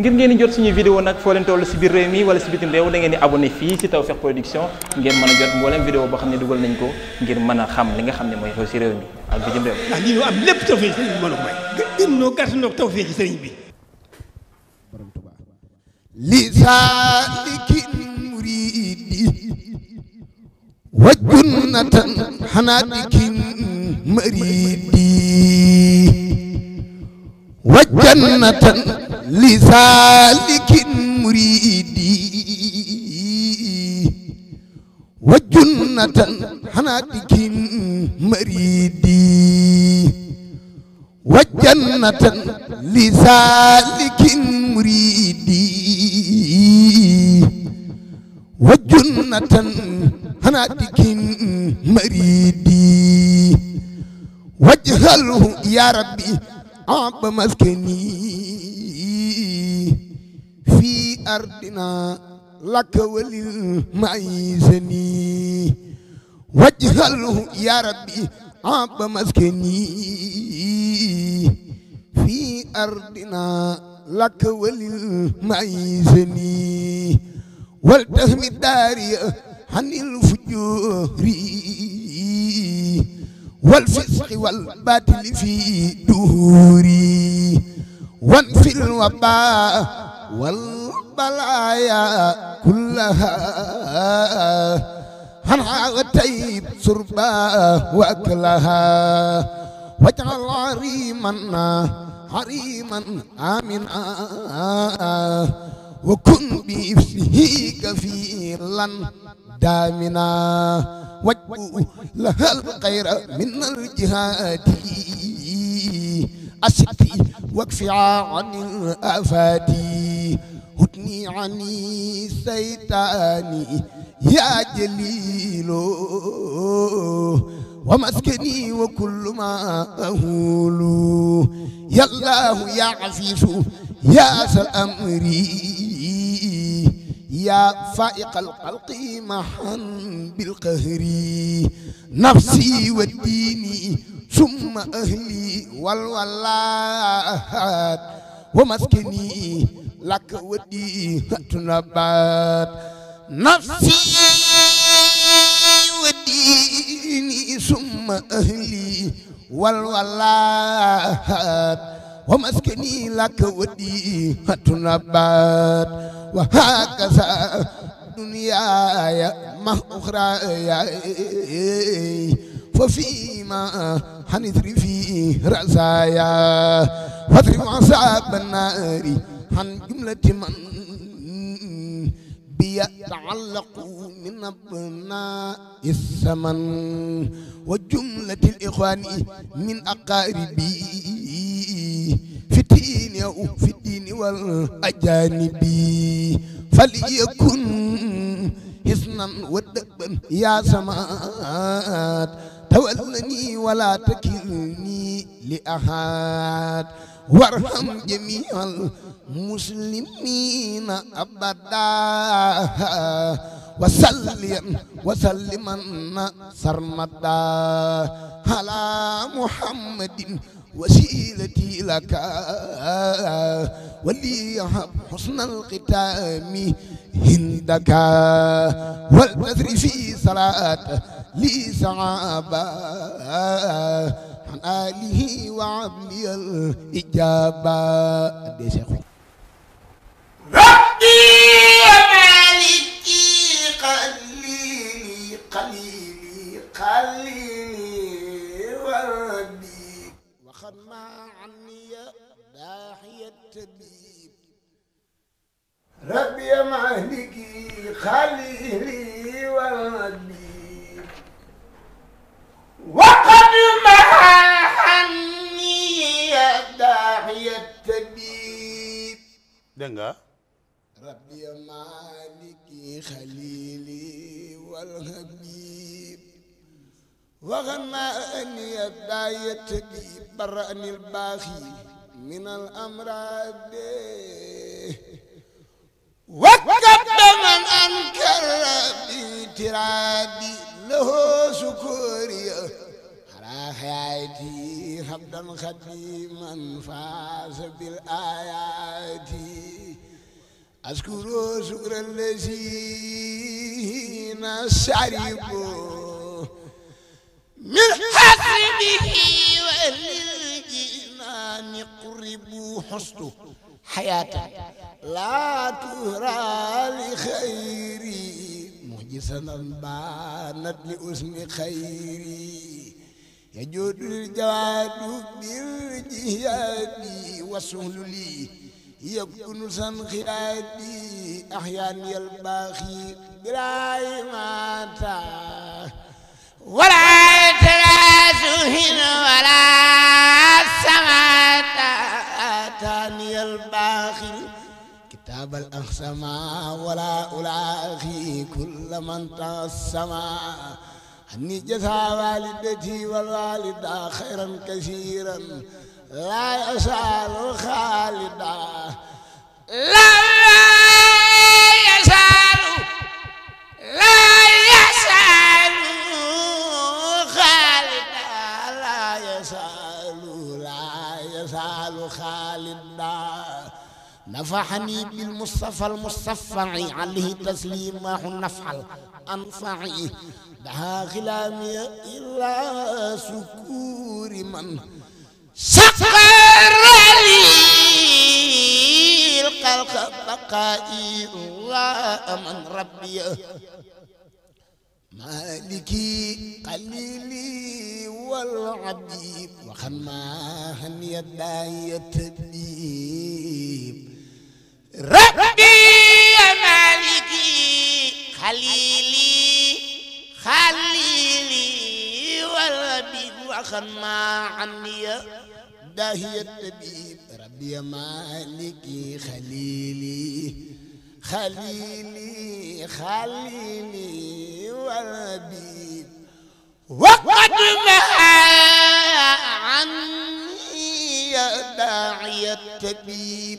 ngir ngeen di jot suñu vidéo nag foo leen si biir réew mi wala si bitim réew da ngeen di abonné fii si Tawfekh Production ngeen mën a jot mboolem vidéo boo xam ne dugal nañ ko ngir mën a xam li nga xam ne mooy xew si réew mi ak bitim réew. ndax lii ñu am lépp Tawfekh sëriñ bi mën a may. gën noo gàtt noo Tawfekh sëriñ bi. wa junnatan xanaatikin maridi wa لسالك مريد وجنة حناتك مريد وجنة لسالك مريد وجنة حناتك مريد واجهله يا ربي عب مسكني في أرضنا لك وللمعيزني واجعله يا ربي عب مسكني في أرضنا لك وللمعيزني والتهم داري عن الفجور wal fisqi wal baatili fi duhuri wan fil wabaa wal balaaya kullaha hanha wa tayyib surba wa aklaha waj'al hariman hariman amina wa kun bi ifsihi kafilan damina waj la hal xayra min al jihaadi asitti wakfi anil afaati hutni ani saytaani yaa jaliilo wa maskani wa kullu ma ahulu yallaahu yaa afiisu yaa sal amri yaa faa'iqal xalqi mahan bil qahri nafsi wa diini summa ahli wal walaat wa maskini lak wa di tunabaat nafsi wa diini summa ahli wal walaat wa maskani laka wadi hatuna bat wa hakaza dunyaya ma ukhraya fa fi ma hanitri fi razaya fatri wa sabanari han jumlati man بيتعلق من ابناء الثمن وجملة الإخوان من أقاربي الذين هم في الدين والأجانب فليكن حسنا ودبا يا سماد تولني ولا تكلني لأحد وارحم جميع المسلمين أبدا وسلم وسلما سرمدا على محمد وسيلتي لك ولي حسن الختام عندك والبذر في صلاة لي صعابة عن آله وعبلي الإجابة ربي خليلي والنبي وقد مها حني داعية التبيب دنجا ربي مالكي خليلي والحبيب وغماني الداعية التبيب برأني الباخي من الأمراض وكب من أنكر بترابي له شكوري على حياتي حمدا خديما فاز بالآيات أشكر شكر الذين شربوا من حسبه وللجنان قربوا حسنه حياته laa turaali xayri mujisanan baanat li usni xayri yajudul jawaadu bil jihaadi wasuhlu lii yakunu san xiyaadi ahyaan yal baaxi biraayimaata walaa taraasuhin walaa samaata ataani yal baaxi كتاب الأخسما ولا ألاغي كل من تسما أني جزا والدتي والوالدة خيرا كثيرا لا يسأل خالدا لا يسأل لا يسأل خالدا لا يسأل لا يسأل خالدا نفعني بالمصطفى المصطفى عليه تسليمه نفع الأنفع دها غلامي إلى سكور من سكر لي القلق بقائي ومن ربي مالكي قليلي والعبيد وخماهن يداي تبديل rabbi ya maliki xalili xalili warabi waxan ma amiya dahiya tabib rabbi ya maliki xalili خليلي خليلي وربي وقد ما عني يا داعي التبيب